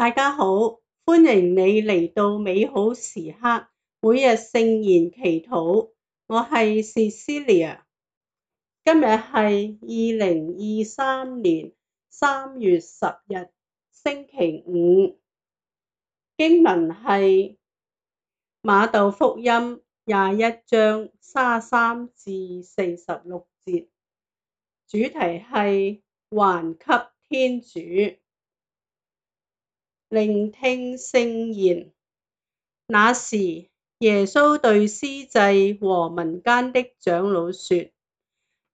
大家好，歡迎你嚟到美好時刻，每日聖言祈禱。我係 Cecilia，今日係二零二三年三月十日星期五。經文係馬竇福音廿一章卅三至四十六節，主題係還給天主。聆聽聖言。那時，耶穌對司祭和民間的長老說：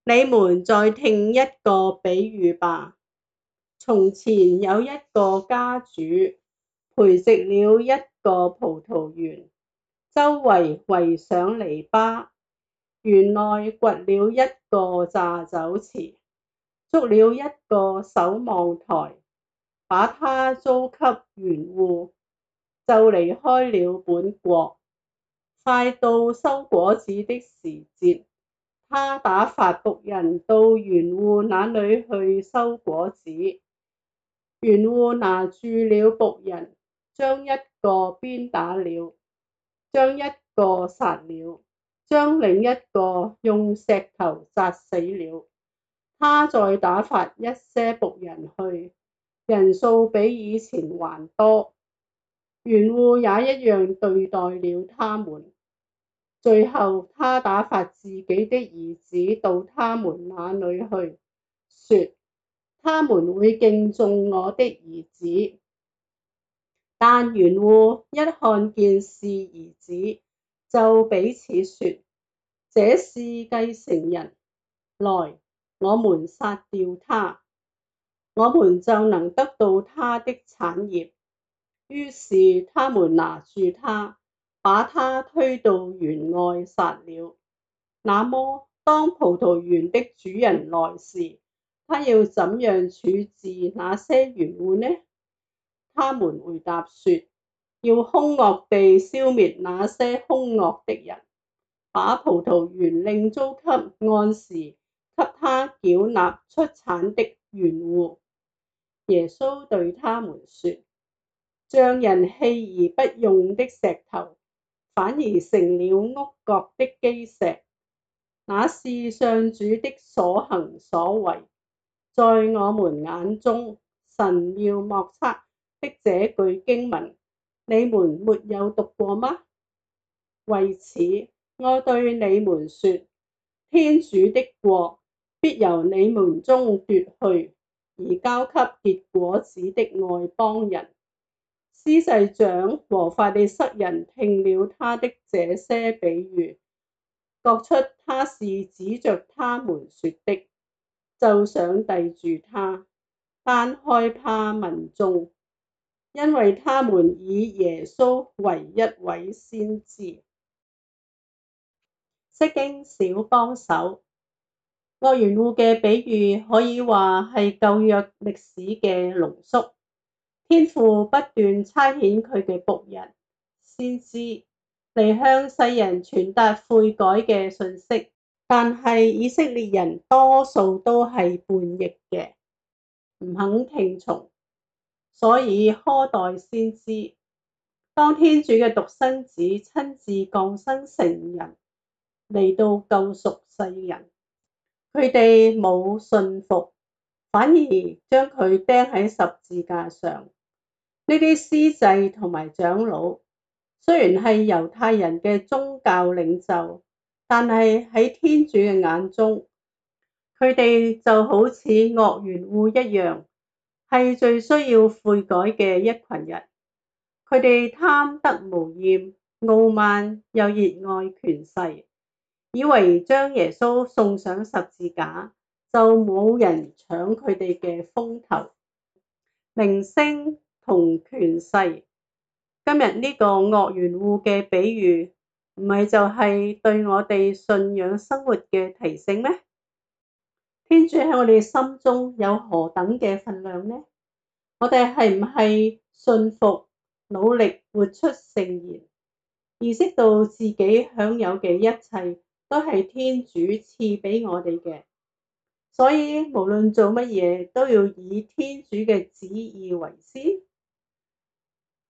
你們再聽一個比喻吧。從前有一個家主，培植了一個葡萄園，周圍圍上籬笆，園內掘了一個榨酒池，築了一個守望台。把它租給園戶，就離開了本國。快到收果子的時節，他打發僕人到園戶那裏去收果子。園戶拿住了僕人，將一個鞭打了，將一個殺了，將另一個用石頭砸死了。他再打發一些僕人去。人數比以前還多，園戶也一樣對待了他們。最後，他打發自己的兒子到他們那裏去，說他們會敬重我的兒子。但園戶一看見是兒子，就彼此說：這是繼承人，來，我們殺掉他。我們就能得到他的產業。於是他們拿住他，把他推到園外殺了。那麼，當葡萄園的主人來時，他要怎樣處置那些園戶呢？他們回答說：要凶惡地消滅那些凶惡的人，把葡萄園另租給按時給他繳納出產的園戶。耶穌對他們說：匠人棄而不用的石頭，反而成了屋角的基石。那是上主的所行所為，在我們眼中，神妙莫測的這句經文，你們沒有讀過嗎？為此，我對你們說，天主的國必由你們中奪去。而交給結果子的外邦人。司祭長和法利塞人聽了他的這些比喻，覺出他是指着他們說的，就想逮住他，但害怕民眾，因為他們以耶穌為一位先知。釋經小幫手。惡園戶嘅比喻可以話係舊約歷史嘅濃縮，天父不斷差遣佢嘅僕人先知嚟向世人傳達悔改嘅訊息，但係以色列人多數都係叛逆嘅，唔肯聽從，所以苛待先知。當天主嘅獨生子親自降生成人嚟到救贖世人。佢哋冇信服，反而將佢釘喺十字架上。呢啲司祭同埋長老雖然係猶太人嘅宗教領袖，但係喺天主嘅眼中，佢哋就好似惡園戶一樣，係最需要悔改嘅一群人。佢哋貪得無厭、傲慢又熱愛權勢。以為將耶穌送上十字架，就冇人搶佢哋嘅風頭、名聲同權勢。今日呢個惡園戶嘅比喻，唔係就係對我哋信仰生活嘅提醒咩？天主喺我哋心中有何等嘅份量呢？我哋係唔係信服、努力活出聖言，意識到自己享有嘅一切？都係天主賜畀我哋嘅，所以無論做乜嘢都要以天主嘅旨意為先，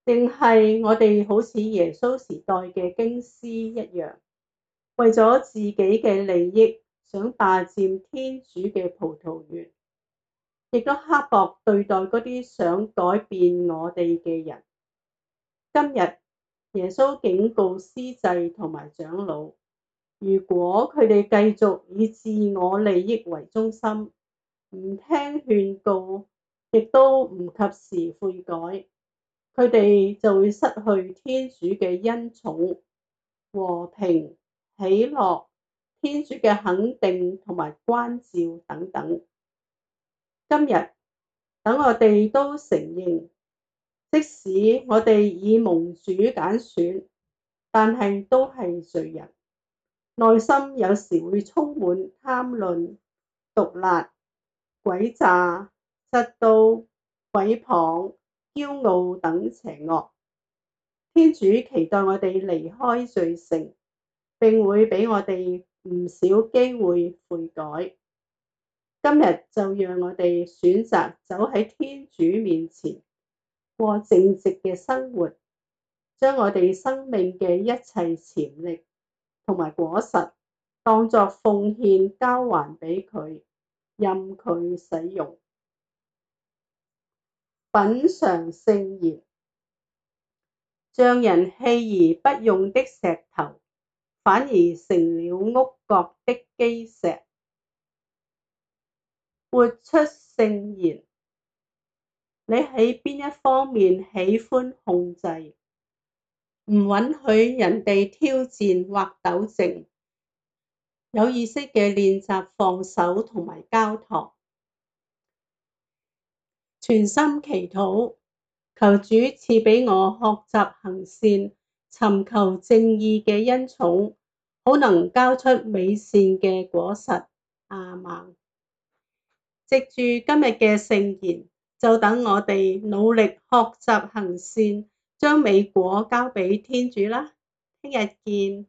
定係我哋好似耶穌時代嘅經師一樣，為咗自己嘅利益想霸佔天主嘅葡萄園，亦都刻薄對待嗰啲想改變我哋嘅人。今日耶穌警告司祭同埋長老。如果佢哋繼續以自我利益為中心，唔聽勸告，亦都唔及時悔改，佢哋就會失去天主嘅恩寵、和平、喜樂、天主嘅肯定同埋關照等等。今日等我哋都承認，即使我哋已蒙主揀選，但係都係罪人。內心有時會充滿貪吝、毒辣、詭詐、嫉妒、毀謗、驕傲等邪惡。天主期待我哋離開罪性，並會俾我哋唔少機會悔改。今日就讓我哋選擇走喺天主面前，過正直嘅生活，將我哋生命嘅一切潛力，同埋果實，當作奉獻交還畀佢，任佢使用。品嚐聖言，匠人棄而不用的石頭，反而成了屋角的基石。活出聖言，你喺邊一方面喜歡控制？唔允許人哋挑戰或糾正，有意識嘅練習放手同埋交託，全心祈禱，求主賜畀我學習行善，尋求正義嘅恩寵，好能交出美善嘅果實。阿們，藉住今日嘅聖言，就等我哋努力學習行善。將美果交俾天主啦，聽日見。